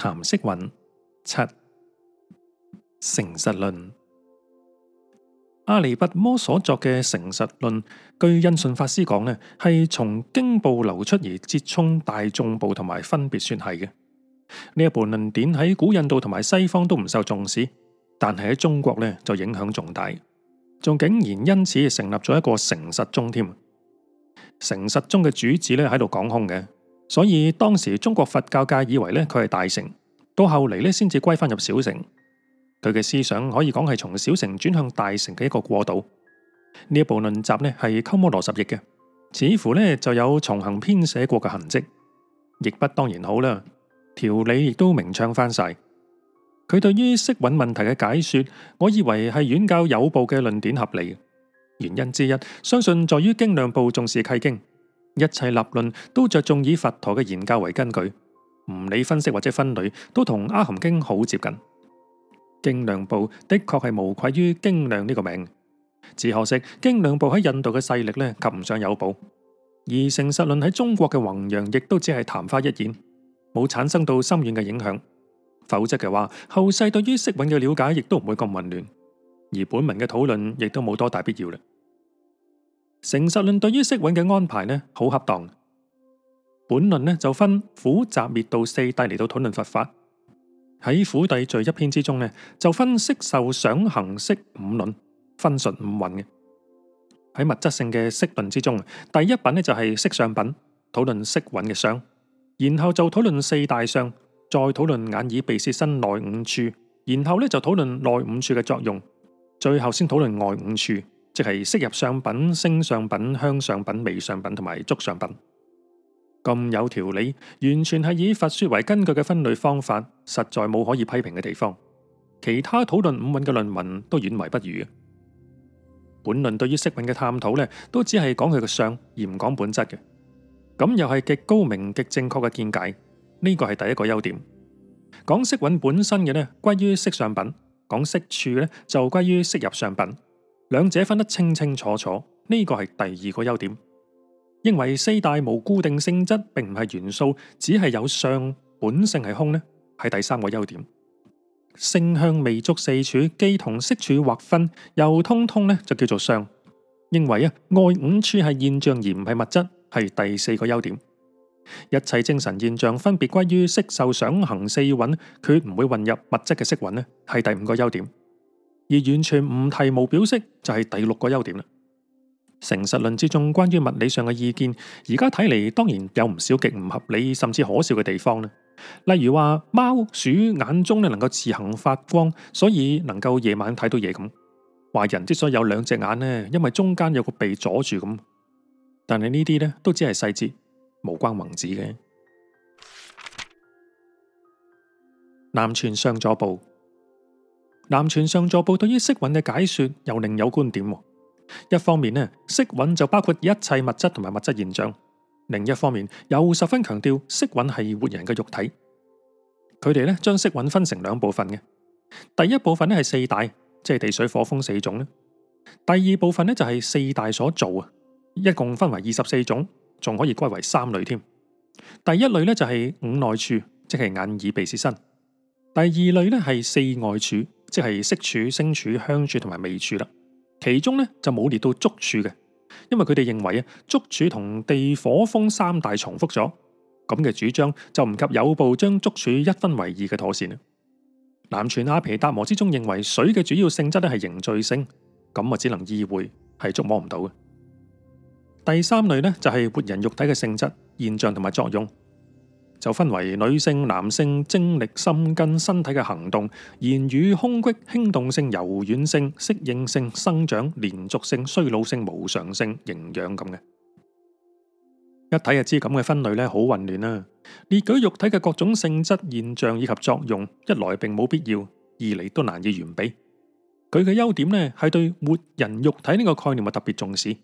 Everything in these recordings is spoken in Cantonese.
談色蘊七《成實論》，訶梨跋摩所作嘅《成實論》，據印順法師講咧，係從經部流出而接充大眾部同埋分別說係嘅。呢一部論典喺古印度同埋西方都唔受重視，但係喺中國呢就影響重大，仲竟然因此成立咗一個成實宗添。成實宗嘅主旨呢喺度講空嘅。所以當時中國佛教界以為咧佢係大乘，到後嚟咧先至歸翻入小乘。佢嘅思想可以講係從小乘轉向大乘嘅一個過渡。呢一部論集咧係鳩摩羅什譯嘅，似乎咧就有重行編寫過嘅痕迹，亦不當然好啦。條理亦都明暢翻晒。佢對於色蘊問題嘅解說，我以為係遠較有部嘅論點合理。原因之一，相信在於經量部重視契經。一切立論都着重以佛陀嘅言教為根據，唔理分析或者分類都同阿含經好接近。經量部的確係無愧於經量呢個名，只可惜經量部喺印度嘅勢力呢及唔上有部，而成實論喺中國嘅弘揚亦都只係曇花一現，冇產生到深遠嘅影響。否則嘅話，後世對於色蘊嘅了解亦都唔會咁混亂，而本文嘅討論亦都冇多大必要嘞。成實論對於色蘊嘅安排呢，好恰當。本論呢就分苦集滅道四諦嚟到討論佛法。喺苦諦聚一篇之中呢，就分色受想行識五論，分述五蘊嘅。喺物質性嘅色論之中，第一品呢就係色相品，討論色蘊嘅相，然後就討論四大相，再討論眼耳鼻舌身內五處，然後呢就討論內五處嘅作用，最後先討論外五處。即係色入上品、聲上品、香上品、味上品同埋觸上品，咁有條理，完全係以佛說為根據嘅分類方法，實在冇可以批評嘅地方。其他討論五蘊嘅論文都遠為不如。本論對於色蘊嘅探討呢，都只係講佢嘅相，而唔講本質嘅。咁又係極高明極正確嘅見解，呢個係第一個優點。講色蘊本身嘅呢，歸於色上品；講色處呢，就歸於色入上品。兩者分得清清楚楚，呢個係第二個優點。認為四大無固定性質，並唔係元素，只係有相本性係空呢，係第三個優點。性向未足四處，既同色處劃分，又通通呢就叫做相。認為啊外五處係現象而唔係物質，係第四個優點。一切精神現象分別歸於色受想行四蘊，佢唔會混入物質嘅色蘊呢，係第五個優點。而完全唔提無表色就係第六個優點啦。成實論之中關於物理上嘅意見，而家睇嚟當然有唔少極唔合理甚至可笑嘅地方啦。例如話貓鼠眼中咧能夠自行發光，所以能夠夜晚睇到嘢咁；話人之所以有兩隻眼咧，因為中間有個鼻阻住咁。但係呢啲咧都只係細節，無關宏旨嘅。南傳上座部。南傳上座部對於色蘊嘅解說又另有觀點。一方面呢，色蘊就包括一切物質同埋物質現象；另一方面又十分強調色蘊係活人嘅肉體。佢哋咧將色蘊分成兩部分嘅，第一部分呢係四大，即係地水火風四種；呢第二部分呢就係四大所造啊，一共分為二十四種，仲可以歸為三類添。第一類呢就係五內處，即係眼耳鼻舌身；第二類呢係四外處。即係色處、聲處、香處同埋味處啦，其中咧就冇列到觸處嘅，因為佢哋認為啊，觸處同地火風三大重複咗，咁嘅主張就唔及有部將觸處一分為二嘅妥善。南傳阿毗達摩之中認為水嘅主要性質咧係凝聚性，咁啊只能意會係捉摸唔到嘅。第三類咧就係活人肉體嘅性質、現象同埋作用。就分為女性、男性、精力、心根、身體嘅行動、言語、空隙、輕動性、柔軟性、適應性、生長、連續性、衰老性、無常性、營養咁嘅。一睇就知咁嘅分類咧，好混亂啦！列舉肉體嘅各種性質現象以及作用，一來並冇必要，二嚟都難以完備。佢嘅優點咧，係對活人肉體呢個概念特別重視。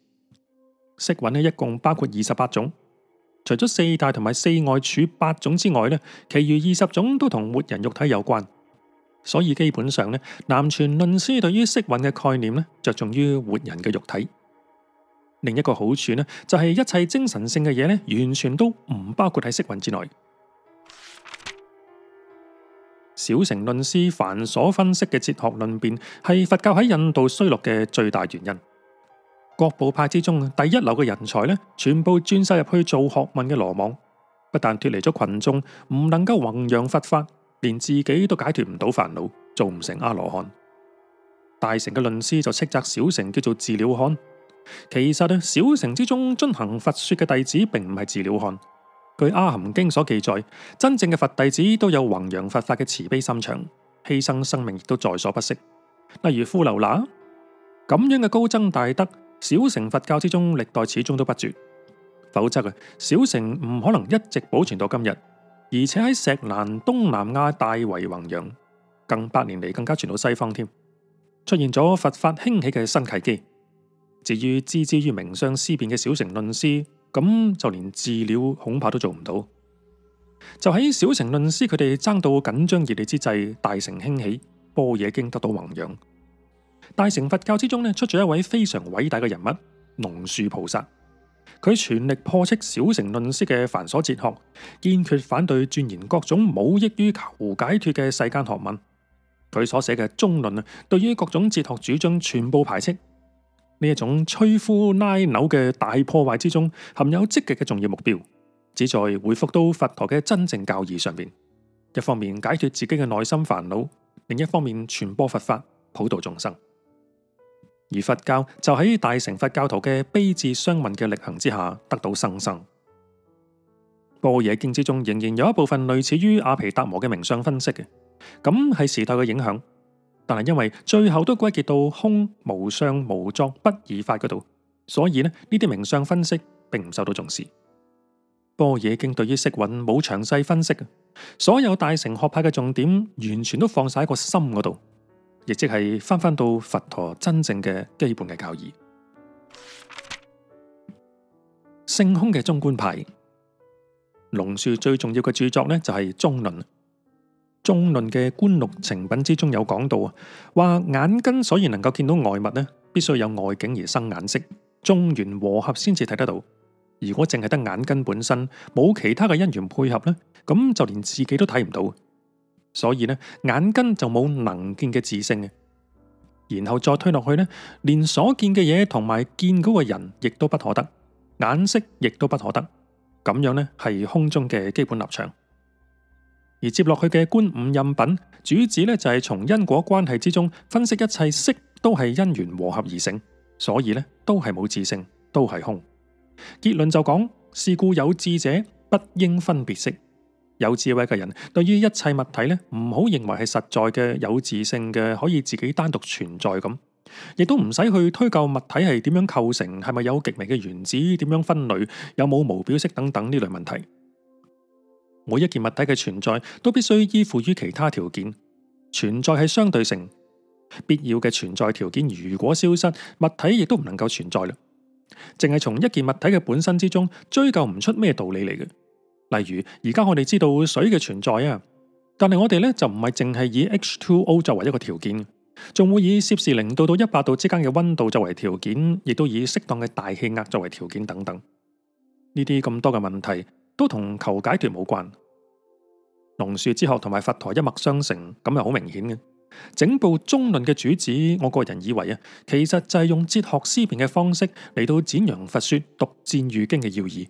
色蘊咧，一共包括二十八種。除咗四大同埋四外處八種之外咧，其餘二十種都同活人肉體有關，所以基本上咧，南傳論師對於色蘊嘅概念咧，着重於活人嘅肉體。另一個好處呢，就係一切精神性嘅嘢咧，完全都唔包括喺色蘊之內。小乘論師繁瑣分析嘅哲學論辯，係佛教喺印度衰落嘅最大原因。各部派之中第一流嘅人才呢，全部鑽晒入去做學問嘅羅網，不但脫離咗群眾，唔能夠弘揚佛法，連自己都解脫唔到煩惱，做唔成阿羅漢。大乘嘅論師就斥責小乘叫做自了漢，其實咧，小乘之中遵行佛說嘅弟子，並唔係自了漢。據《阿含經》所記載，真正嘅佛弟子都有弘揚佛法嘅慈悲心腸，犧牲生命亦都在所不惜。例如富樓那咁樣嘅高僧大德。小乘佛教之中，歷代始終都不絕，否則啊，小乘唔可能一直保存到今日。而且喺錫蘭東南亞大為弘揚，近百年嚟，更加傳到西方添，出現咗佛法興起嘅新契機。至於置之於名相思辨嘅小乘論師，咁就連自了恐怕都做唔到。就喺小乘論師佢哋爭到緊張熱烈之際，大乘興起，般若經得到弘揚。大乘佛教之中呢，出咗一位非常偉大嘅人物，龍樹菩薩。佢全力破斥小乘論師嘅繁瑣哲學，堅決反對鑽研各種冇益於求解脫嘅世間學問。佢所寫嘅《中論》啊，對於各種哲學主張全部排斥。呢一種摧枯拉朽嘅大破壞之中，含有積極嘅重要目標，旨在回復到佛陀嘅真正教義上邊。一方面解脫自己嘅內心煩惱，另一方面傳播佛法，普度眾生。而佛教就喺大乘佛教徒嘅悲智雙運嘅力行之下得到新生。般若經之中仍然有一部分類似於阿皮達摩嘅名相分析嘅，咁，係時代嘅影響，但係因為最後都歸結到空無相無作不二法嗰度，所以呢，呢啲名相分析並唔受到重視。般若經對於色蘊冇詳細分析，所有大乘學派嘅重點完全都放晒喺個心嗰度。亦即係翻翻到佛陀真正嘅基本嘅教義，性空嘅中觀派，龍樹最重要嘅著作呢，就係《中論》。《中論》嘅《觀六情品》之中有講到，話眼根所以能夠見到外物呢，必須有外境而生眼色，眾緣和合先至睇得到。如果淨係得眼根本身，冇其他嘅因緣配合呢，咁就連自己都睇唔到。所以咧，眼根就冇能見嘅自性嘅，然後再推落去咧，連所見嘅嘢同埋見嗰個人亦都不可得，眼色亦都不可得，咁樣咧係空中嘅基本立場。而接落去嘅觀五陰品主旨咧就係從因果關係之中分析一切色都係因緣和合而成，所以咧都係冇自性，都係空。結論就講是故有智者不應分別色。有智慧嘅人對於一切物體咧，唔好認為係實在嘅、有自性嘅，可以自己單獨存在咁，亦都唔使去推究物體係點樣構成，係咪有極微嘅原子，點樣分類，有冇無表式等等呢類問題。每一件物體嘅存在都必須依附於其他條件，存在係相對性，必要嘅存在條件如果消失，物體亦都唔能夠存在啦。淨係從一件物體嘅本身之中追究唔出咩道理嚟嘅。例如，而家我哋知道水嘅存在啊，但係我哋咧就唔係淨係以 H2O 作為一個條件，仲會以攝氏零度到一百度之間嘅溫度作為條件，亦都以適當嘅大氣壓作為條件等等。呢啲咁多嘅問題都同求解脫冇關。龍樹之學同埋佛陀一脈相承，咁係好明顯嘅。整部中論嘅主旨，我個人以為啊，其實就係用哲學思辨嘅方式嚟到展揚佛說毒箭喻經嘅要義。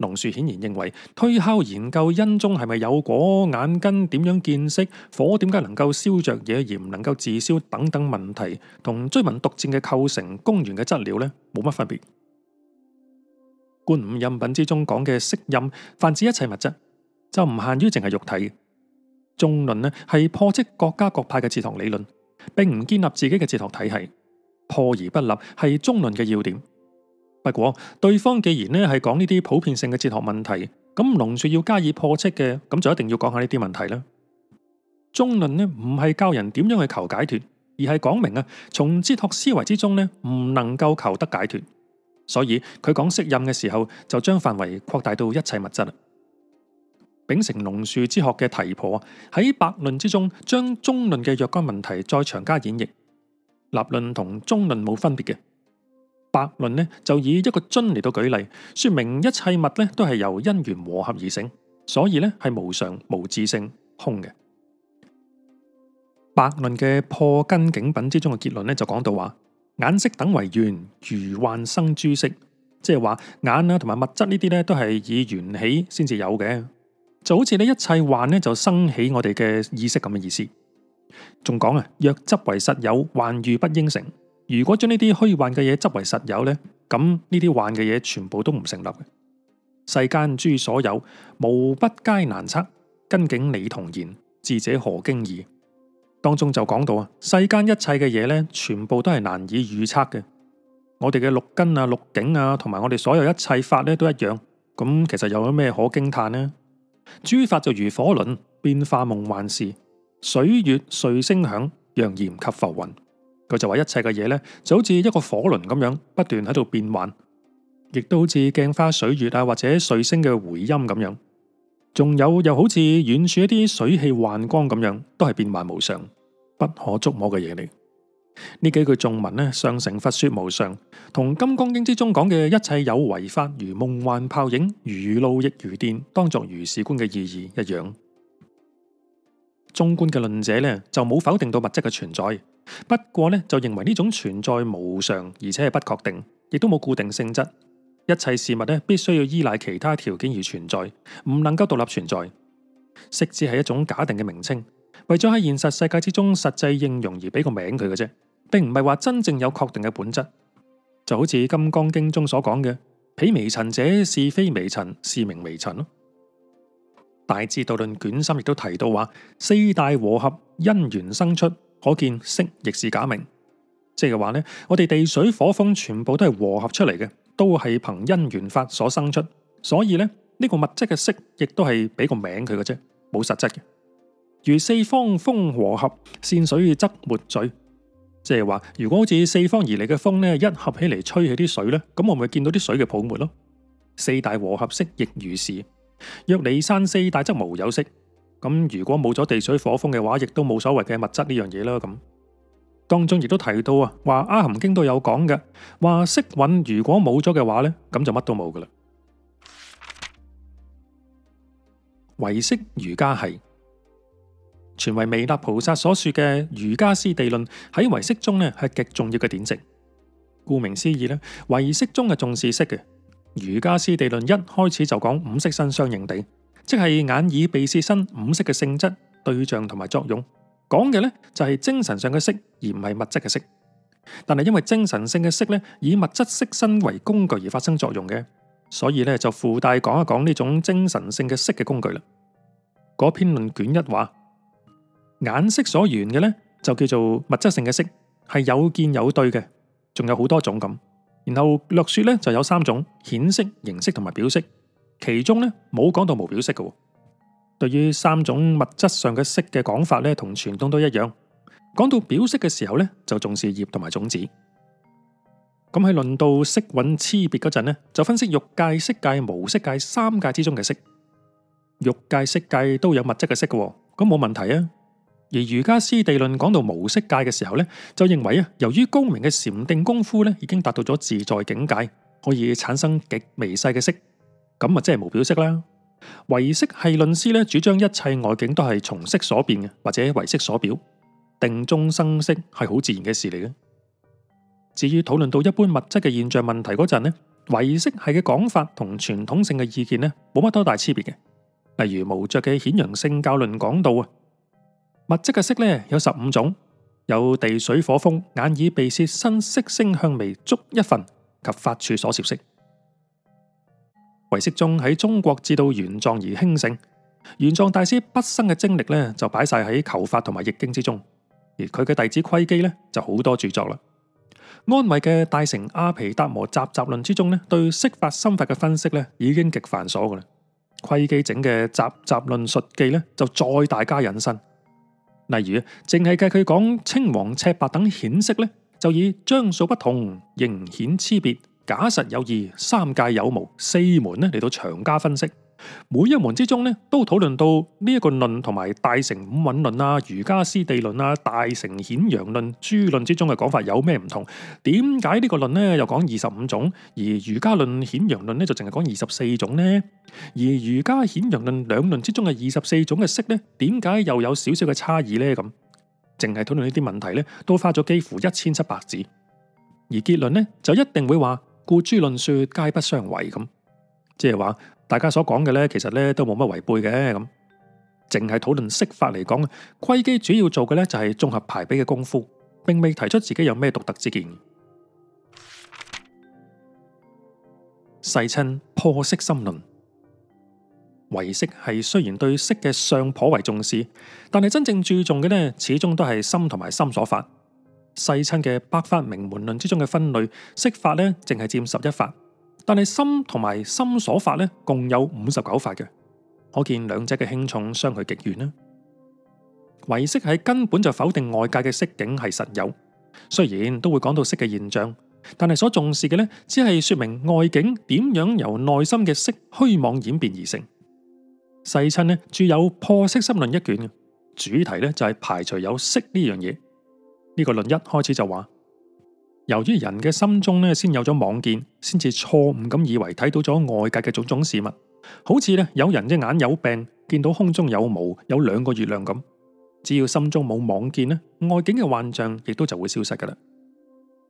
龍樹顯然認為，推敲研究因中係咪有果，眼根點樣見識，火點解能夠燒着嘢而唔能夠自燒，等等問題，同追問毒箭嘅構成弓弦嘅質料呢冇乜分別。觀五陰品之中講嘅色陰，泛指一切物質，就唔限於淨係肉體。中論呢係破斥各家各派嘅哲學理論，並唔建立自己嘅哲學體系，破而不立係中論嘅要點。不過，對方既然咧係講呢啲普遍性嘅哲學問題，咁龍樹要加以破斥嘅，咁就一定要講下呢啲問題啦。中論呢唔係教人點樣去求解脫，而係講明啊，從哲學思維之中呢唔能夠求得解脫。所以佢講色蘊嘅時候，就將範圍擴大到一切物質。秉承龍樹之學嘅提婆喺百論之中，將中論嘅若干問題再長加演繹，立論同中論冇分別嘅。白論咧就以一個樽嚟到舉例，說明一切物咧都係由因緣和合而成，所以咧係無常、無自性、空嘅。白論嘅破根境品之中嘅結論咧就講到話：眼色等為緣，如幻生諸色，即係話眼啊同埋物質呢啲咧都係以緣起先至有嘅，就好似呢一切幻咧就生起我哋嘅意識咁嘅意思。仲講啊，若執為實有，幻遇不應成。如果將呢啲虛幻嘅嘢執為實有呢，咁呢啲幻嘅嘢全部都唔成立。世間諸所有，無不皆難測。根境理同言，智者何驚疑？當中就講到啊，世間一切嘅嘢呢，全部都係難以預測嘅。我哋嘅六根啊、六境啊，同埋我哋所有一切法呢，都一樣。咁其實有咩可驚嘆呢？諸法就如火輪，變化夢幻事，水月碎聲響，陽焰及浮雲。佢就話一切嘅嘢咧，就好似一個火輪咁樣，不斷喺度變幻，亦都好似鏡花水月啊，或者碎星嘅回音咁樣，仲有又好似遠處一啲水汽幻光咁樣，都係變幻無常、不可捉摸嘅嘢嚟。呢幾句眾文呢，上承佛說無常，同《金剛經》之中講嘅一切有為法如夢幻泡影，如，如露亦如電，當作如是觀嘅意義一樣。中觀嘅論者呢，就冇否定到物質嘅存在。不過呢，就認為呢種存在無常，而且係不確定，亦都冇固定性質。一切事物呢，必須要依賴其他條件而存在，唔能夠獨立存在。色字係一種假定嘅名稱，為咗喺現實世界之中實際應用而俾個名佢嘅啫，並唔係話真正有確定嘅本質。就好似《金剛經》中所講嘅，彼微塵者是非微塵，是名微塵咯。《大智度論》卷三亦都提到話，四大和合，因緣生出。可見色亦是假名，即係話呢，我哋地水火風全部都係和合出嚟嘅，都係憑因緣法所生出，所以呢呢個物質嘅色亦都係俾個名佢嘅啫，冇實質嘅。如四方風和合，善水則沒嘴，即係話如果好似四方而嚟嘅風呢，一合起嚟吹起啲水呢，咁我咪見到啲水嘅泡沫咯。四大和合色亦如是，若離散四大則無有色。咁如果冇咗地水火風嘅話，亦都冇所謂嘅物質呢樣嘢啦。咁當中亦都提到啊，話阿含經都有講嘅，話色蘊如果冇咗嘅話呢，咁就乜都冇噶啦。唯識瑜伽系傳為彌勒菩薩所說嘅瑜伽師地論，喺唯識中呢係極重要嘅典籍。顧名思義呢，唯識中嘅重視色嘅瑜伽師地論一開始就講五色身相應地。即係眼、耳、鼻、舌、身五色嘅性質、對象同埋作用，講嘅咧就係精神上嘅色，而唔係物質嘅色。但係因為精神性嘅色咧以物質色身為工具而發生作用嘅，所以咧就附帶講一講呢種精神性嘅色嘅工具啦。嗰篇論卷一話，眼色所緣嘅咧就叫做物質性嘅色，係有見有對嘅，仲有好多種咁。然後略說咧就有三種顯色、形色同埋表色。其中咧冇講到無表色嘅，對於三種物質上嘅色嘅講法咧，同傳統都一樣。講到表色嘅時候咧，就重視葉同埋種子。咁喺輪到色蘊差別嗰陣咧，就分析欲界、色界、無色界三界之中嘅色。欲界、色界都有物質嘅色嘅，咁冇問題啊。而瑜伽師地論講到無色界嘅時候咧，就認為啊，由於高明嘅禪定功夫咧，已經達到咗自在境界，可以產生極微細嘅色。咁啊，即係無表色啦。唯識系論師咧，主張一切外境都係從色所變嘅，或者唯識所表。定中生色係好自然嘅事嚟嘅。至於討論到一般物質嘅現象問題嗰陣呢，唯識系嘅講法同傳統性嘅意見呢，冇乜多大差別嘅。例如無著嘅顯揚性教論講到啊，物質嘅色咧有十五種，有地水火風眼耳鼻舌身色聲香味觸一份及法處所攝色。為識宗喺中國至到玄奘而興盛，玄奘大師畢生嘅精力咧就擺晒喺求法同埋譯經之中，而佢嘅弟子窺基咧就好多著作啦。安慧嘅《大乘阿毗達磨雜集論》之中咧，對色法心法嘅分析咧已經極繁瑣噶啦。窺基整嘅《雜集論述記》咧就再大加引申，例如淨係計佢講青黃赤白等顯色咧，就以章數不同，形顯差別。假實有異，三界有無，四門呢，嚟到長加分析，每一門之中呢都討論到呢一個論同埋大乘五蘊論啊、瑜伽師地論啊、大乘顯揚論諸論之中嘅講法有咩唔同？點解呢個論呢又講二十五種，而瑜伽論顯揚論呢就淨係講二十四種呢？而瑜伽顯揚論兩論之中嘅二十四種嘅色呢，點解又有少少嘅差異呢？咁淨係討論呢啲問題呢，都花咗幾乎一千七百字，而結論呢就一定會話。故諸論說皆不相違，咁即係話大家所講嘅呢，其實呢都冇乜違背嘅，咁淨係討論色法嚟講，窺基主要做嘅呢，就係綜合排比嘅功夫，並未提出自己有咩獨特之見。世親破色心論，唯識系雖然對色嘅相頗為重視，但係真正注重嘅呢，始終都係心同埋心所法。世親嘅《百法明門論》之中嘅分類，色法咧淨係佔十一法，但係心同埋心所法咧共有五十九法嘅，可見兩者嘅輕重相去極遠啦。唯識系根本就否定外界嘅色境係實有，雖然都會講到色嘅現象，但係所重視嘅咧只係說明外境點樣由內心嘅色虛妄演變而成。世親呢，著有《破色心論》一卷，主題咧就係、是、排除有色呢樣嘢。呢個論一開始就話，由於人嘅心中咧，先有咗妄見，先至錯誤咁以為睇到咗外界嘅種種事物，好似咧有人一眼有病，見到空中有毛，有兩個月亮咁。只要心中冇妄見咧，外境嘅幻象亦都就會消失噶啦。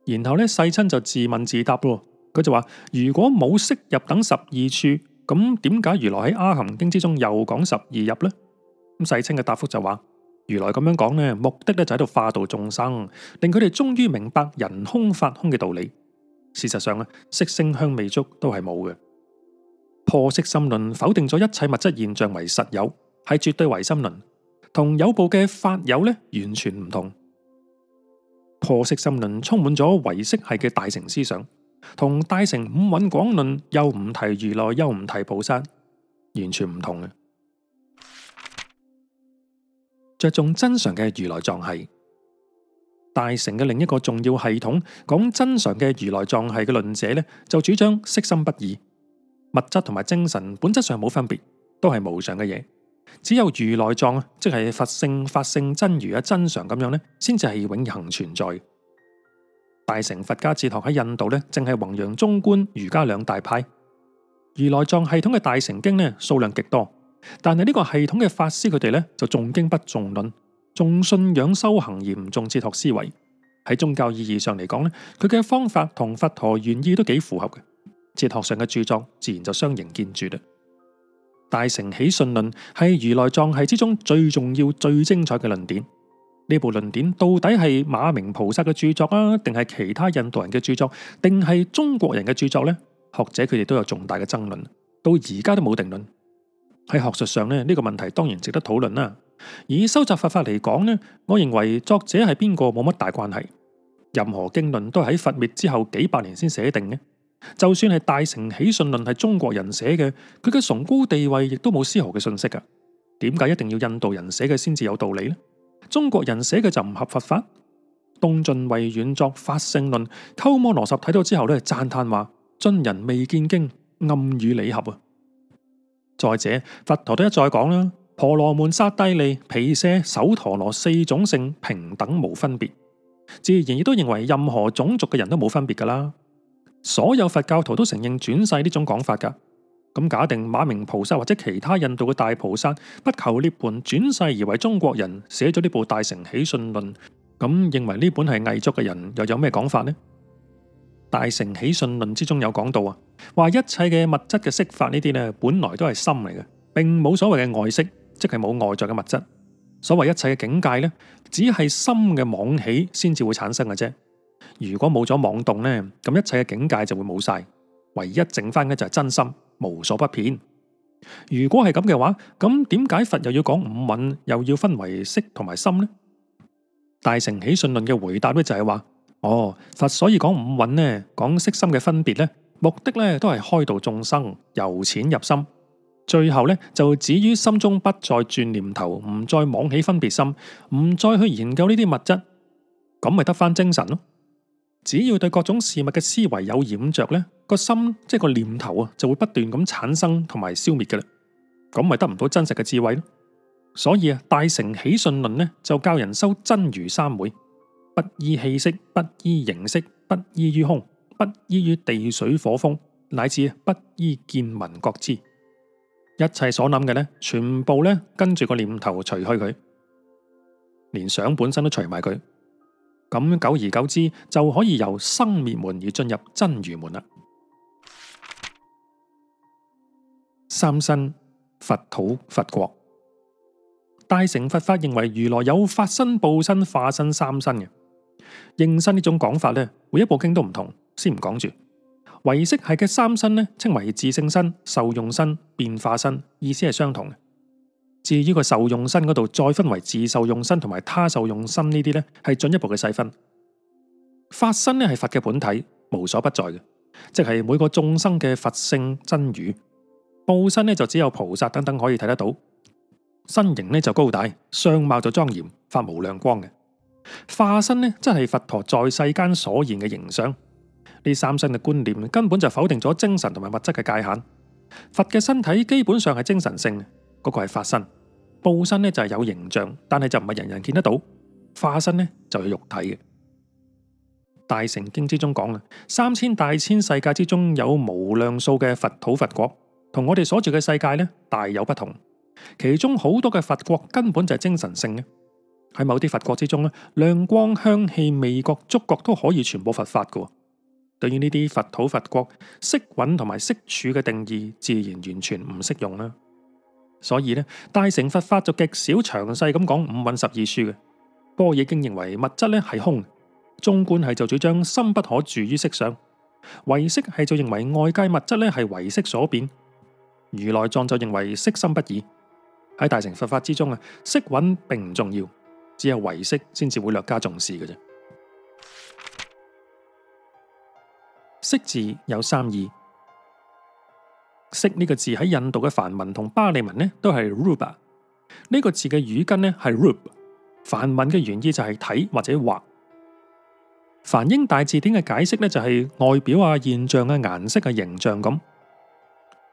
然後咧，世親就自問自答咯，佢就話：「如果冇識入等十二處，咁點解如來喺阿含經之中又講十二入呢？」咁世親嘅答覆就話。如來咁樣講咧，目的咧就喺度化度眾生，令佢哋終於明白人空法空嘅道理。事實上咧，色聲香味觸都係冇嘅。破色心論否定咗一切物質現象為實有，係絕對唯心論，同有部嘅法有咧完全唔同。破色心論充滿咗唯識系嘅大乘思想，同大乘五蘊廣論又唔提如來，又唔提菩薩，完全唔同嘅。着重真常嘅如來藏系大乘嘅另一個重要系統，講真常嘅如來藏系嘅論者咧，就主張色心不二。物質同埋精神本質上冇分別，都係無常嘅嘢，只有如來藏，即係佛性、法性真如嘅真常咁樣咧，先至係永恒存在。大乘佛家哲學喺印度咧，正係弘揚中觀、瑜伽兩大派，如來藏系統嘅大乘經咧數量極多。但係呢個系統嘅法師佢哋咧就重經不重論，重信仰修行而唔重哲學思維。喺宗教意義上嚟講咧，佢嘅方法同佛陀原意都幾符合嘅。哲學上嘅著作自然就相形見絀啦。大乘起信論係如來藏系之中最重要、最精彩嘅論典。呢部論典到底係馬鳴菩薩嘅著作啊，定係其他印度人嘅著作，定係中國人嘅著作呢？學者佢哋都有重大嘅爭論，到而家都冇定論。喺學術上咧，呢、呢個問題當然值得討論啦。以收集佛法嚟講呢，我認為作者係邊個冇乜大關係。任何經論都係喺佛滅之後幾百年先寫定嘅。就算係大乘起信論係中國人寫嘅，佢嘅崇高地位亦都冇絲毫嘅信息噶。點解一定要印度人寫嘅先至有道理呢？中國人寫嘅就唔合佛法。東晉慧遠作法性論，鳩摩羅什睇到之後咧，讚歎話：真人未見經，暗與理合啊！再者，佛陀都一再講啦，婆羅門、剎帝利、皮舍、首陀羅四種性平等無分別，自然亦都認為任何種族嘅人都冇分別噶啦。所有佛教徒都承認轉世呢種講法噶。咁假定馬明菩薩或者其他印度嘅大菩薩不求涅槃轉世而為中國人寫咗呢部《大乘起信論》，咁認為呢本係偽作嘅人又有咩講法呢？《大乘起信論》之中有講到啊。話一切嘅物質嘅色法呢啲呢，本來都係心嚟嘅，並冇所謂嘅外色，即係冇外在嘅物質。所謂一切嘅境界呢，只係心嘅妄起先至會產生嘅啫。如果冇咗妄動呢，咁一切嘅境界就會冇晒。唯一剩翻嘅就係真心，無所不遍。如果係咁嘅話，咁點解佛又要講五蘊，又要分為色同埋心呢？大乘起信論嘅回答咧就係話：「哦，佛所以講五蘊呢，講色心嘅分別呢。」目的咧都係開導眾生，由淺入深，最後咧就止於心中不再轉念頭，唔再妄起分別心，唔再去研究呢啲物質，咁咪得翻精神咯。只要對各種事物嘅思維有染着咧，個心即係個念頭啊，就會不斷咁產生同埋消滅噶啦，咁咪得唔到真實嘅智慧咯。所以啊，大乘起信論咧就教人修真如三昧，不依氣息，不依形式，不依於空。不依於地水火風，乃至不依見聞覺知，一切所諗嘅呢，全部呢，跟住個念頭除開佢，連想本身都除埋佢。咁久而久之，就可以由生滅門而進入真如門啦。三身、佛土、佛國。大乘佛法認為，如來有法身、報身、化身三身嘅應身呢種講法呢，每一部經都唔同。先唔講住，唯識係嘅三身呢，稱為自性身、受用身、變化身，意思係相同嘅。至於個受用身嗰度，再分為自受用身同埋他受用身呢啲呢，係進一步嘅細分。法身呢係佛嘅本體，無所不在嘅，即係每個眾生嘅佛性真如。報身呢就只有菩薩等等可以睇得到，身形呢就高大，相貌就莊嚴，發無量光嘅。化身呢即係佛陀在世間所現嘅形象。呢三身嘅觀念根本就否定咗精神同埋物質嘅界限。佛嘅身體基本上係精神性嘅，嗰個係法身；報身呢就係有形象，但係就唔係人人見得到。化身呢就有肉體嘅。《大乘經》之中講啊，三千大千世界之中有無量數嘅佛土佛國，同我哋所住嘅世界呢，大有不同。其中好多嘅佛國根本就係精神性嘅。喺某啲佛國之中咧，亮光、香氣、味覺、觸覺都可以傳播佛法噶。對於呢啲佛土佛國色蘊同埋色處嘅定義，自然完全唔適用啦。所以咧，大乘佛法就極少詳細咁講五蘊十二處嘅。般若經認為物質咧係空，中觀系就主張心不可住於色上，唯識系就認為外界物質咧係唯識所變，如來藏就認為色心不二。喺大乘佛法之中啊，色蘊並唔重要，只有唯識先至會略加重視嘅啫。色字有三義。色呢個字喺印度嘅梵文同巴利文呢都係 rupa。呢、這個字嘅語根呢係 rup。梵文嘅原意就係睇或者畫。《梵英大字典》嘅解釋呢就係、是、外表啊、現象啊、顏色啊、形象咁、啊。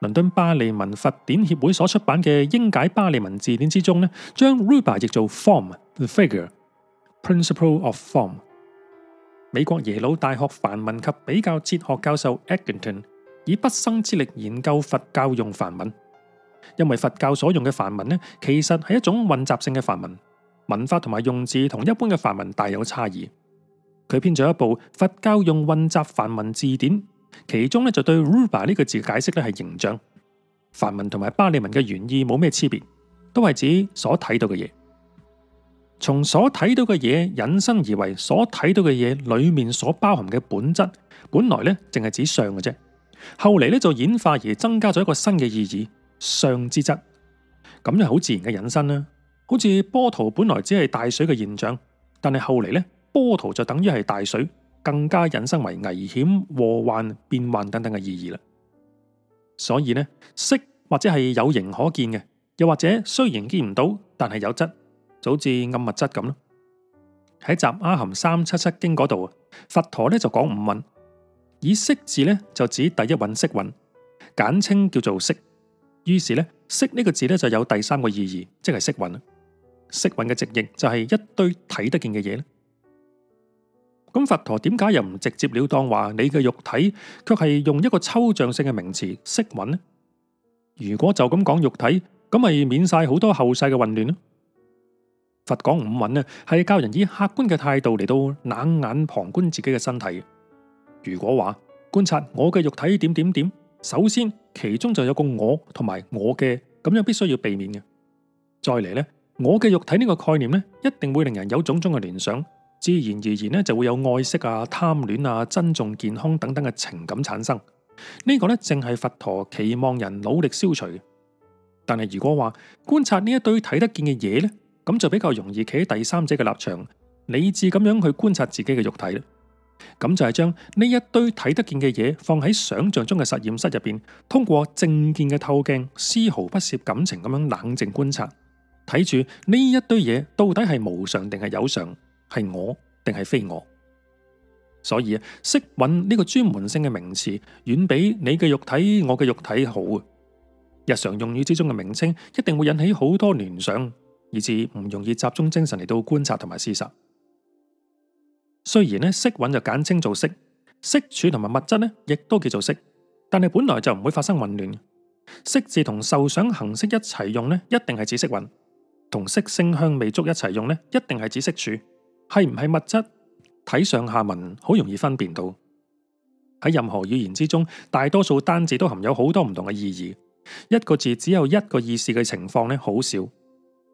倫敦巴利文佛典協會所出版嘅《英解巴利文字典》之中呢，將 rupa 譯做 form，the figure，principle of form。美國耶魯大學梵文及比較哲學教授 Edgerton 以畢生之力研究佛教用梵文。因為佛教所用嘅梵文咧，其實係一種混雜性嘅梵文，文法同埋用字同一般嘅梵文大有差異。佢編咗一部佛教用混雜梵文字典，其中咧就對 rupa 呢個字解釋咧係形象。梵文同埋巴利文嘅原意冇咩差別，都係指所睇到嘅嘢。從所睇到嘅嘢，引申而為，所睇到嘅嘢裏面所包含嘅本質，本來咧淨係指相嘅啫。後嚟咧就演化而增加咗一個新嘅意義，相之質，咁又好自然嘅引申啦，啊。好似波濤本來只係大水嘅現象，但係後嚟咧波濤就等於係大水，更加引申為危險、禍患、變幻等等嘅意義啦。所以呢，「色」或者係有形可見嘅，又或者雖然見唔到，但係有質。早至暗物質咁啦。喺雜阿含三七七經嗰度啊，佛陀咧就講五蘊，以色字咧就指第一蘊色蘊，簡稱叫做色。於是咧，色呢個字咧就有第三個意義，即係色蘊啊。色蘊嘅直譯就係一堆睇得見嘅嘢咧。咁佛陀點解又唔直接了當話你嘅肉體，卻係用一個抽象性嘅名詞色蘊呢？如果就咁講肉體，咁咪免晒好多後世嘅混亂咯。佛講五蘊咧，係教人以客觀嘅態度嚟到冷眼旁觀自己嘅身體。如果話觀察我嘅肉體點點點，首先其中就有個我同埋我嘅，咁樣必須要避免嘅。再嚟呢，我嘅肉體呢個概念呢，一定會令人有種種嘅聯想，自然而然呢就會有愛惜啊、貪戀啊、珍重健康等等嘅情感產生。呢個呢，正係佛陀期望人努力消除嘅。但係如果話觀察呢一堆睇得見嘅嘢呢。咁就比較容易企喺第三者嘅立場，理智咁樣去觀察自己嘅肉體啦。咁就係將呢一堆睇得見嘅嘢放喺想象中嘅實驗室入邊，通過正見嘅透鏡，絲毫不涉感情咁樣冷靜觀察，睇住呢一堆嘢到底係無常定係有常，係我定係非我。所以啊，色蘊呢個專門性嘅名詞，遠比你嘅肉體、我嘅肉體好啊。日常用語之中嘅名稱，一定會引起好多聯想。以至唔容易集中精神嚟到觀察同埋思索。雖然咧，色蘊就簡稱做色，色處同埋物質咧亦都叫做色，但係本來就唔會發生混亂。色字同受想行識一齊用咧，一定係指色蘊；同色聲香味觸一齊用咧，一定係指色處。係唔係物質？睇上下文好容易分辨到。喺任何語言之中，大多數單字都含有好多唔同嘅意義。一個字只有一個意思嘅情況咧，好少。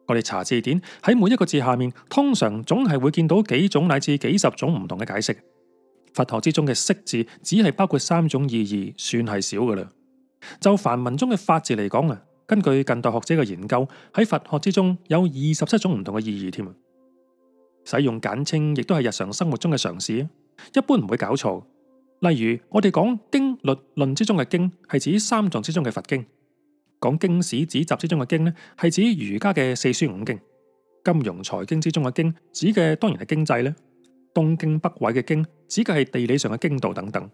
我哋查字典喺每一個字下面，通常總係會見到幾種乃至幾十種唔同嘅解釋。佛學之中嘅識字只係包括三種意義，算係少噶啦。就梵文中嘅法字嚟講啊，根據近代學者嘅研究，喺佛學之中有二十七種唔同嘅意義添。使用簡稱亦都係日常生活中嘅常識，一般唔會搞錯。例如我哋講經律論之中嘅經，係指三藏之中嘅佛經。講經史子集之中嘅經呢，係指儒家嘅四書五經；金融財經之中嘅經，指嘅當然係經濟咧。東經北緯嘅經，指嘅係地理上嘅經度等等。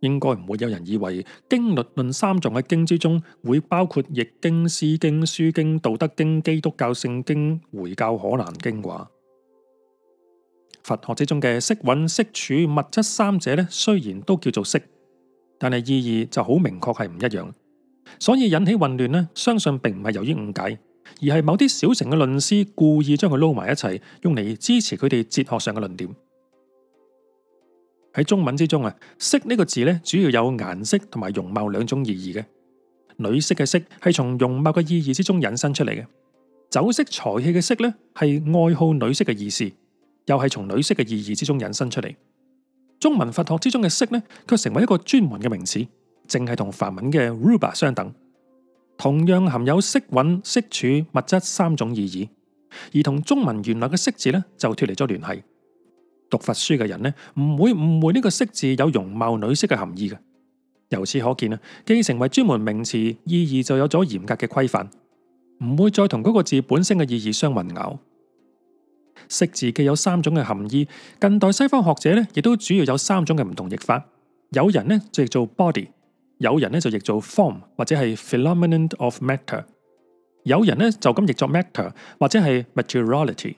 應該唔會有人以為經律論三藏嘅經之中會包括易經、詩經、書經、道德經、基督教聖經、回教可蘭經啩。佛學之中嘅色蘊、色處、物質三者咧，雖然都叫做色，但係意義就好明確係唔一樣。所以引起混亂呢，相信並唔係由於誤解，而係某啲小乘嘅論師故意將佢撈埋一齊，用嚟支持佢哋哲學上嘅論點。喺中文之中啊，色呢個字呢，主要有顏色同埋容貌兩種意義嘅。女色嘅色係從容貌嘅意義之中引申出嚟嘅。酒色財氣嘅色呢，係愛好女色嘅意思，又係從女色嘅意義之中引申出嚟。中文佛學之中嘅色呢，卻成為一個專門嘅名詞。淨係同梵文嘅 rupa 相等，同樣含有色蘊、色處、物質三種意義，而同中文原來嘅色字呢就脫離咗聯繫。讀佛書嘅人呢，唔會誤會呢個色字有容貌、女色嘅含義嘅。由此可見啊，既成為專門名詞，意義就有咗嚴格嘅規範，唔會再同嗰個字本身嘅意義相混淆。色字既有三種嘅含義，近代西方學者呢亦都主要有三種嘅唔同譯法，有人呢就做 body。有人咧就譯作 form 或者係 phenomenon of matter，有人咧就咁譯作 matter 或者係 materiality。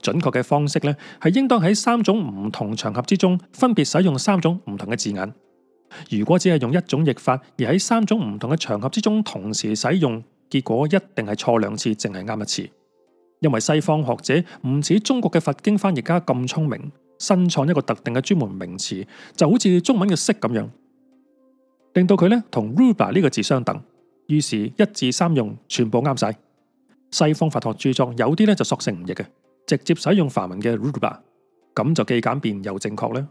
準確嘅方式咧，係應當喺三種唔同場合之中分別使用三種唔同嘅字眼。如果只係用一種譯法而喺三種唔同嘅場合之中同時使用，結果一定係錯兩次，淨係啱一次。因為西方學者唔似中國嘅佛經翻譯家咁聰明，新創一個特定嘅專門名詞，就好似中文嘅色咁樣。令到佢咧同 rupa 呢個字相等，於是，一字三用全部啱晒。西方法學著作有啲咧就索性唔譯嘅，直接使用梵文嘅 rupa 咁就既簡便又正確咧。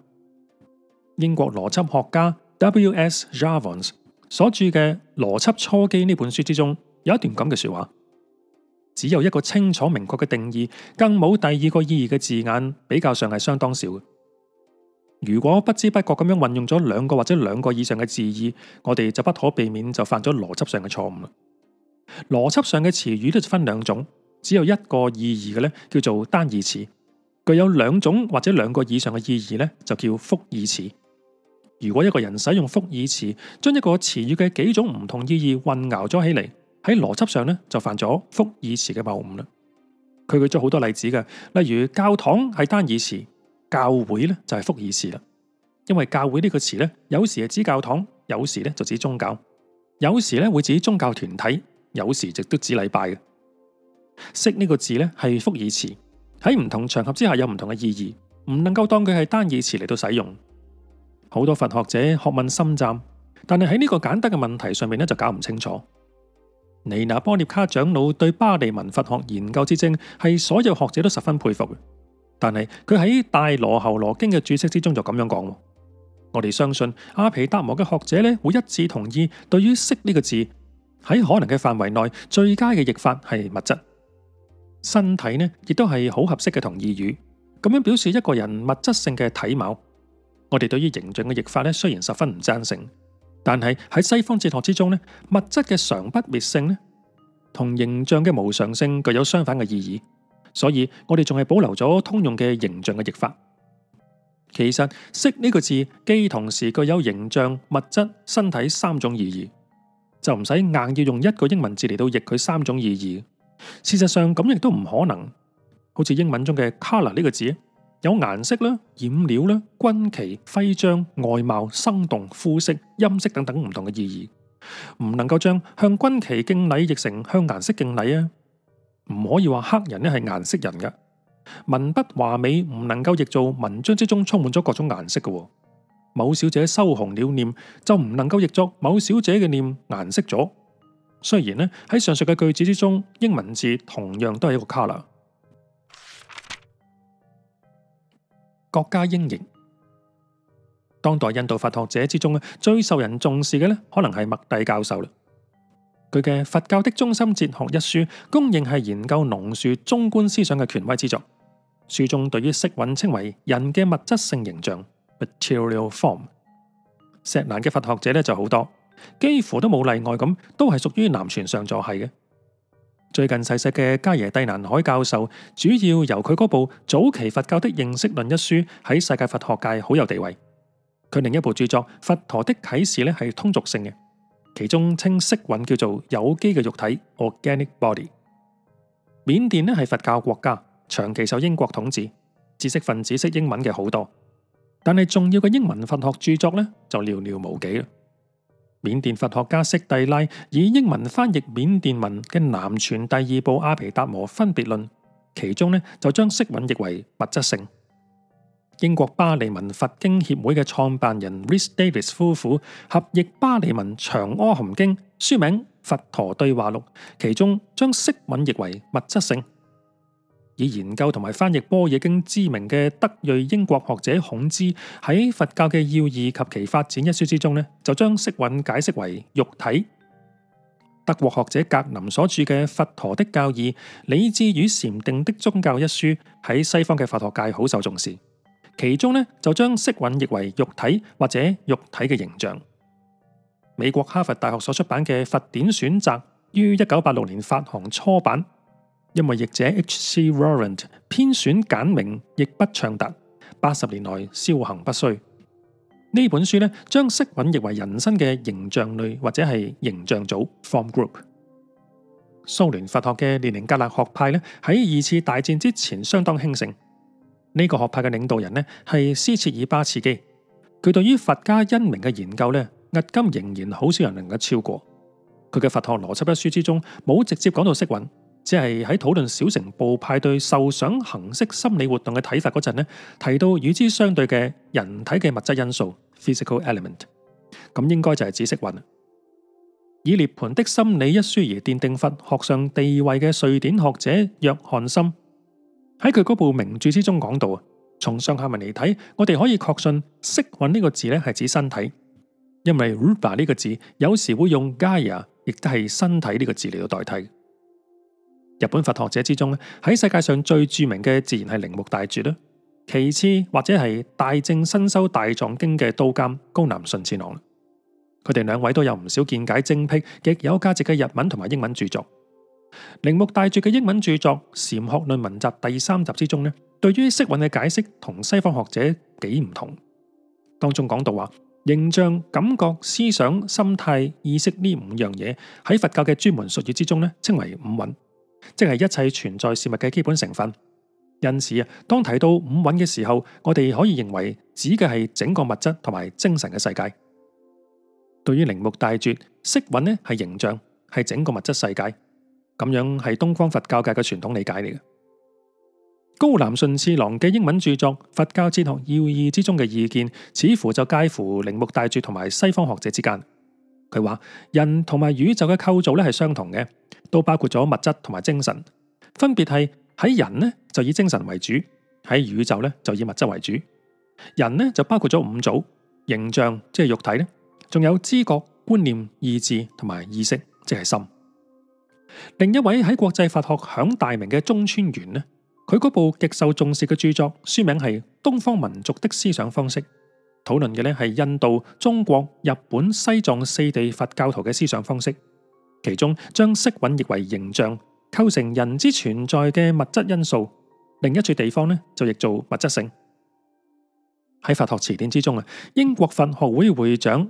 英國邏輯學家 W. S. Jevons 所著嘅《邏輯初基》呢本書之中，有一段咁嘅說話：「只有一個清楚明確嘅定義，更冇第二個意義嘅字眼，比較上係相當少嘅。如果不知不覺咁樣運用咗兩個或者兩個以上嘅字義，我哋就不可避免就犯咗邏輯上嘅錯誤啦。邏輯上嘅詞語都分兩種，只有一個意義嘅咧叫做單義詞，具有兩種或者兩個以上嘅意義咧就叫複義詞。如果一個人使用複義詞，將一個詞語嘅幾種唔同意義混淆咗起嚟，喺邏輯上咧就犯咗複義詞嘅謬誤啦。佢舉咗好多例子嘅，例如教堂係單義詞。教會咧就係複義詞啦，因為教會呢個詞咧有時係指教堂，有時咧就指宗教，有時咧會指宗教團體，有時亦都指禮拜嘅。識呢個字咧係複義詞，喺唔同場合之下有唔同嘅意義，唔能夠當佢係單義詞嚟到使用。好多佛學者學問深湛，但係喺呢個簡單嘅問題上面咧就搞唔清楚。尼那波涅卡長老對巴利文佛學研究之精，係所有學者都十分佩服嘅。但係佢喺《大羅喉羅經》嘅注釋之中就咁樣講，我哋相信阿皮達摩嘅學者咧會一致同意，對於“色”呢個字喺可能嘅範圍內，最佳嘅譯法係物質、身體呢，亦都係好合適嘅同義語。咁樣表示一個人物質性嘅體貌。我哋對於形象嘅譯法咧，雖然十分唔贊成，但係喺西方哲學之中呢，物質嘅常不滅性呢，同形象嘅無常性具有相反嘅意義。所以，我哋仲係保留咗通用嘅形象嘅譯法。其實，色呢個字既同時具有形象、物質、身體三種意義，就唔使硬要用一個英文字嚟到譯佢三種意義。事實上，咁亦都唔可能。好似英文中嘅 color 呢個字，有顏色啦、染料啦、軍旗、徽章、外貌、生動、膚色、音色等等唔同嘅意義，唔能夠將向軍旗敬禮譯成向顏色敬禮啊！唔可以話黑人咧係顏色人噶，文筆華美唔能夠譯做文章之中充滿咗各種顏色噶。某小姐羞紅了臉就唔能夠譯作某小姐嘅臉顏色咗。雖然呢，喺上述嘅句子之中，英文字同樣都係一個 color。國家英型，當代印度法學者之中咧最受人重視嘅呢，可能係麥蒂教授啦。佢嘅《佛教的中心哲學》一書，公認係研究龍樹中觀思想嘅權威之作。書中對於色蘊稱為人嘅物質性形象 （material form）。錫蘭嘅佛學者咧就好多，幾乎都冇例外咁，都係屬於南傳上座系嘅。最近逝世嘅加耶蒂南海教授，主要由佢嗰部《早期佛教的認識論》一書喺世界佛學界好有地位。佢另一部著作《佛陀的啟示》咧係通俗性嘅。其中稱色蘊叫做有機嘅肉體 （organic body）。緬甸咧係佛教國家，長期受英國統治，知識分子識英文嘅好多，但係重要嘅英文佛學著作咧就寥寥無幾啦。緬甸佛學家色蒂拉以英文翻譯緬甸文嘅南傳第二部《阿毗達摩分別論》，其中咧就將色蘊譯為物質性。英國巴利文佛經協會嘅創辦人 Rhys Davids 夫婦合譯巴利文長阿含經，書名《佛陀對話錄》，其中將色蘊譯為物質性。以研究同埋翻譯般若經知名嘅德裔英國學者孔茲喺《佛教嘅要義及其發展》一書之中咧，就將色蘊解釋為肉體。德國學者格林所著嘅《佛陀的教義：理智與禪定的宗教》一書喺西方嘅佛學界好受重視。其中咧就將色蘊譯為肉體或者肉體嘅形象。美國哈佛大學所出版嘅《佛典選集》於一九八六年發行初版，因為譯者 H.C. Warren 編選簡明，亦不暢達，八十年來銷行不衰。呢本書咧將色蘊譯為人身嘅形象類或者係形象組 （form group）。蘇聯佛學嘅列寧格勒學派咧喺二次大戰之前相當興盛。呢個學派嘅領導人呢，係斯切爾巴茨基，佢對於佛家因明嘅研究呢，至今仍然好少人能夠超過。佢嘅《佛學邏輯一書》之中冇直接講到色蘊，只係喺討論小乘部派對受想行識心理活動嘅睇法嗰陣呢，提到與之相對嘅人體嘅物質因素 physical element，咁應該就係指色蘊。以涅盤的心理一書而奠定佛學上地位嘅瑞典學者約翰森。喺佢嗰部名著之中講到啊，從上下文嚟睇，我哋可以確信“色蘊”呢個字咧係指身體，因為 “rupa” 呢個字有時會用 “gaya” 亦都係身體呢個字嚟到代替。日本佛學者之中咧，喺世界上最著名嘅自然係《鈴木大拙》啦，其次或者係大正新修大藏經嘅刀劍高楠順次郎，佢哋兩位都有唔少見解精闢、極有價值嘅日文同埋英文著作。鈴木大拙嘅英文著作《禪學論文集》第三集之中呢，對於色蘊嘅解釋同西方學者幾唔同。當中講到話，形象、感覺、思想、心態、意識呢五樣嘢喺佛教嘅專門術語之中呢，稱為五蘊，即係一切存在事物嘅基本成分。因此啊，當提到五蘊嘅時候，我哋可以認為指嘅係整個物質同埋精神嘅世界。對於鈴木大拙，色蘊呢係形象，係整個物質世界。咁樣係東方佛教界嘅傳統理解嚟嘅。高楠順次郎嘅英文著作《佛教哲學要義》之中嘅意見，似乎就介乎鈴木大拙同埋西方學者之間。佢話人同埋宇宙嘅構造咧係相同嘅，都包括咗物質同埋精神。分別係喺人呢就以精神為主，喺宇宙咧就以物質為主。人呢就包括咗五組形象，即係肉體咧，仲有知覺、觀念、意志同埋意識，即係心。另一位喺國際佛學響大名嘅中村元呢，佢嗰部極受重視嘅著作，書名係《東方民族的思想方式》，討論嘅呢係印度、中國、日本、西藏四地佛教徒嘅思想方式，其中將色蘊譯為形象，構成人之存在嘅物質因素；另一處地方呢就譯做物質性。喺佛學辭典之中啊，英國佛學會會長。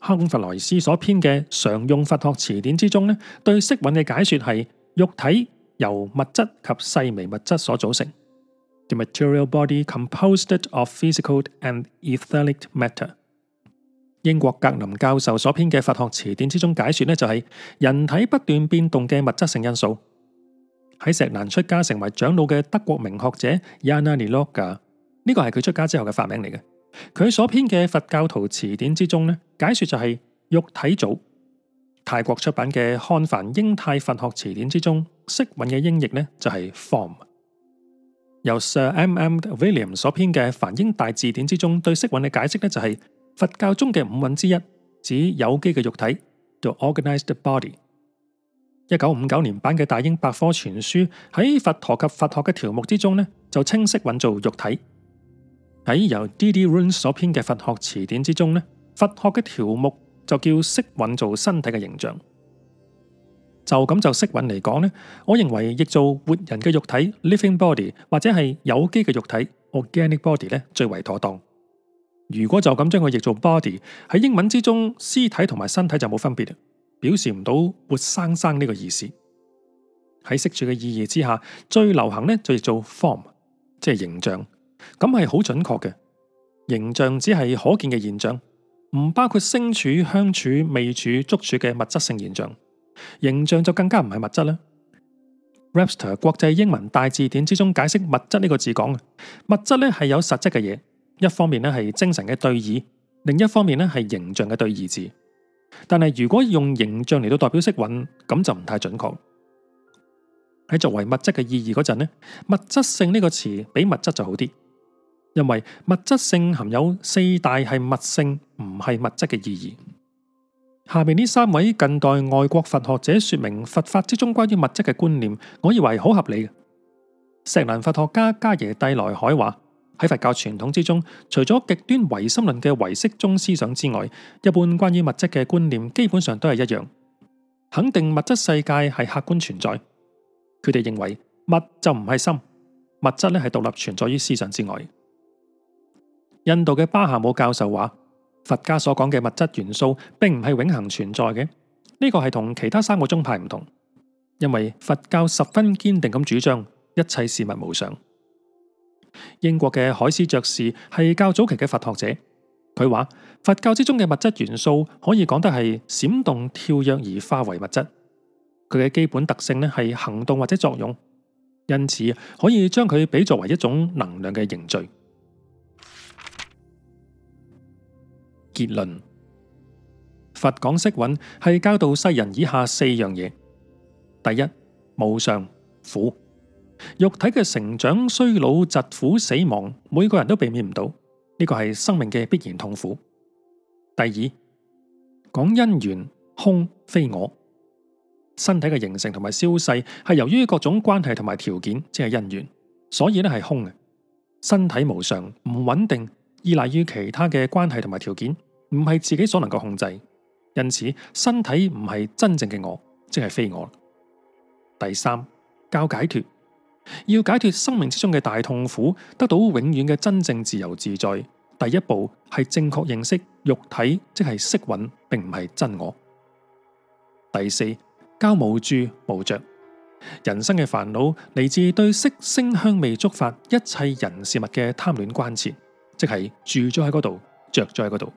亨弗萊斯所編嘅常用佛學辭典之中咧，對色蘊嘅解說係：肉體由物質及細微物質所組成。The material body composed of physical and etheric matter。英國格林教授所編嘅佛學辭典之中解說咧就係：人體不斷變動嘅物質性因素。喺石蘭出家成為長老嘅德國名學者 Jananni 亞納尼洛噶，呢個係佢出家之後嘅法名嚟嘅。佢所編嘅佛教徒辭典之中咧，解說就係、是、肉體組。泰國出版嘅漢梵英泰佛學辭典之中，色蘊嘅英譯呢就係、是、form。由 Sir M. M. Williams 所編嘅梵英大字典之中，對色蘊嘅解釋呢就係、是、佛教中嘅五蘊之一，指有機嘅肉體 the organized body。一九五九年版嘅大英百科全書喺佛陀及佛學嘅條目之中呢，就稱色蘊做肉體。喺由 D.D.Runs 所編嘅佛學辭典之中咧，佛學嘅條目就叫色蘊做身體嘅形象。就咁就色蘊嚟講呢，我認為譯做活人嘅肉體 （living body） 或者係有機嘅肉體 （organic body） 咧最為妥當。如果就咁將佢譯做 body 喺英文之中，屍體同埋身體就冇分別，表示唔到活生生呢個意思。喺色住嘅意義之下，最流行呢就譯做 form，即係形象。咁係好準確嘅，形象只係可見嘅現象，唔包括聲處、香處、味處、觸處嘅物質性現象。形象就更加唔係物質啦。Rapster 國際英文大字典之中解釋物質呢個字講啊，物質咧係有實質嘅嘢，一方面咧係精神嘅對義，另一方面咧係形象嘅對義字。但係如果用形象嚟到代表色蘊，咁就唔太準確。喺作為物質嘅意義嗰陣呢，物質性呢個詞比物質就好啲。因為物質性含有四大係物性，唔係物質嘅意義。下面呢三位近代外國佛學者說明佛法之中關於物質嘅觀念，我以為好合理嘅。石蘭佛學家加耶蒂萊海話：喺佛教傳統之中，除咗極端唯心論嘅唯識宗思想之外，一般關於物質嘅觀念基本上都係一樣，肯定物質世界係客觀存在。佢哋認為物就唔係心，物質咧係獨立存在於思想之外。印度嘅巴夏姆教授話，佛家所講嘅物質元素，並唔係永恒存在嘅。呢個係同其他三個宗派唔同，因為佛教十分堅定咁主張一切事物無常。英國嘅海斯爵士係較早期嘅佛學者，佢話，佛教之中嘅物質元素可以講得係閃動跳躍而化為物質。佢嘅基本特性咧係行動或者作用，因此可以將佢比作為一種能量嘅凝聚。結論：佛講色蘊係教導世人以下四樣嘢。第一，無常苦，肉體嘅成長、衰老、疾苦、死亡，每個人都避免唔到，呢個係生命嘅必然痛苦。第二，講因緣空非我，身體嘅形成同埋消逝係由於各種關係同埋條件，即係因緣，所以咧係空嘅。身體無常，唔穩定，依賴於其他嘅關係同埋條件。唔係自己所能夠控制，因此身體唔係真正嘅我，即係非我。第三教解脱要解脫生命之中嘅大痛苦，得到永遠嘅真正自由自在。第一步係正確認識肉體，即係色蘊，並唔係真我。第四教無住無着，人生嘅煩惱嚟自對色聲香味觸法一切人事物嘅貪戀關切，即係住咗喺嗰度，着咗喺嗰度。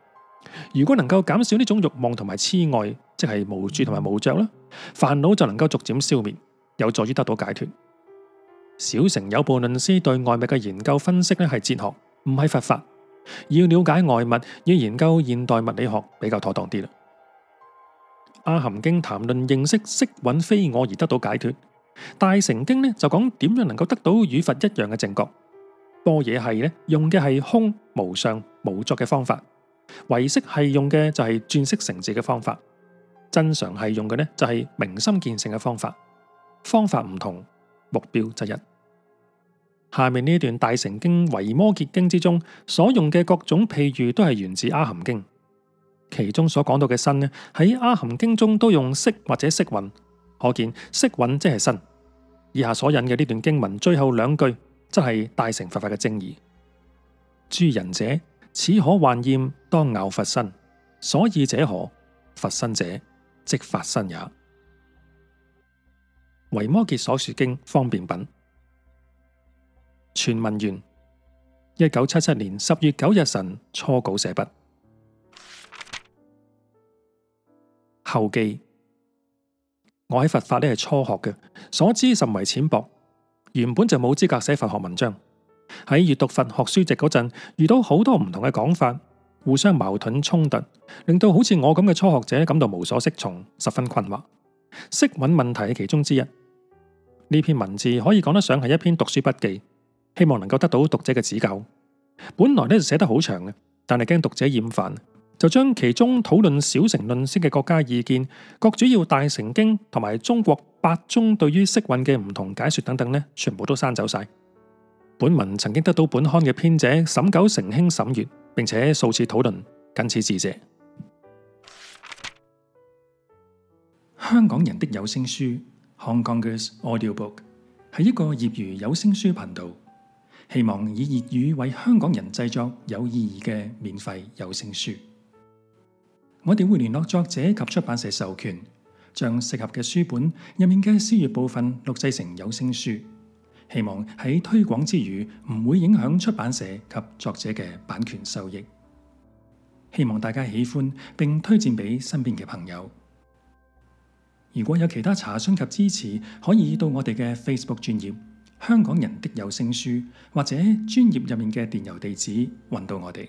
如果能夠減少呢種欲望同埋痴愛，即係無住同埋無着啦，煩惱就能夠逐漸消滅，有助於得到解脫。小乘有部論師對外物嘅研究分析咧係哲學，唔係佛法。要了解外物，要研究現代物理學比較妥當啲啦。阿含經談論認識色蘊非我而得到解脫，大乘經咧就講點樣能夠得到與佛一樣嘅正覺。般若係咧用嘅係空無相無作嘅方法。唯識系用嘅，就係轉識成智嘅方法，真常系用嘅呢就係明心見性嘅方法。方法唔同，目標就一。下面呢一段大乘經《維摩詰經》之中所用嘅各種譬喻都係源自《阿含經》，其中所講到嘅身呢喺《阿含經》中都用色或者色蘊，可見色蘊即係身。以下所引嘅呢段經文最後兩句，則係大乘佛法嘅正義。諸仁者。此可患厭，當樂佛身。所以者何？佛身者，即法身也。維摩詰所說經方便品。全文完。一九七七年十月九日晨初稿寫畢。後記：我喺佛法呢係初學嘅，所知甚為淺薄，原本就冇資格寫佛學文章。喺閱讀佛學書籍嗰陣，遇到好多唔同嘅講法，互相矛盾衝突，令到好似我咁嘅初學者感到無所適從，十分困惑。色蘊問題係其中之一。呢篇文字可以講得上係一篇讀書筆記，希望能夠得到讀者嘅指教。本來咧就寫得好長嘅，但係驚讀者厭煩，就將其中討論小乘論師嘅各家意見、各主要大乘經同埋中國八宗對於色蘊嘅唔同解說等等咧，全部都刪走晒。本文曾經得到本刊嘅編者沈九成兄審閱，並且數次討論，謹此致謝。香港人的有聲書 （Hong Kongers Audio Book） 係一個業餘有聲書頻道，希望以粵語為香港人製作有意義嘅免費有聲書。我哋會聯絡作者及出版社授權，將適合嘅書本入面嘅書頁部分錄製成有聲書。希望喺推廣之餘，唔會影響出版社及作者嘅版權收益。希望大家喜歡，並推薦俾身邊嘅朋友。如果有其他查詢及支持，可以到我哋嘅 Facebook 專頁《香港人的有聲書》或者專頁入面嘅電郵地址，揾到我哋。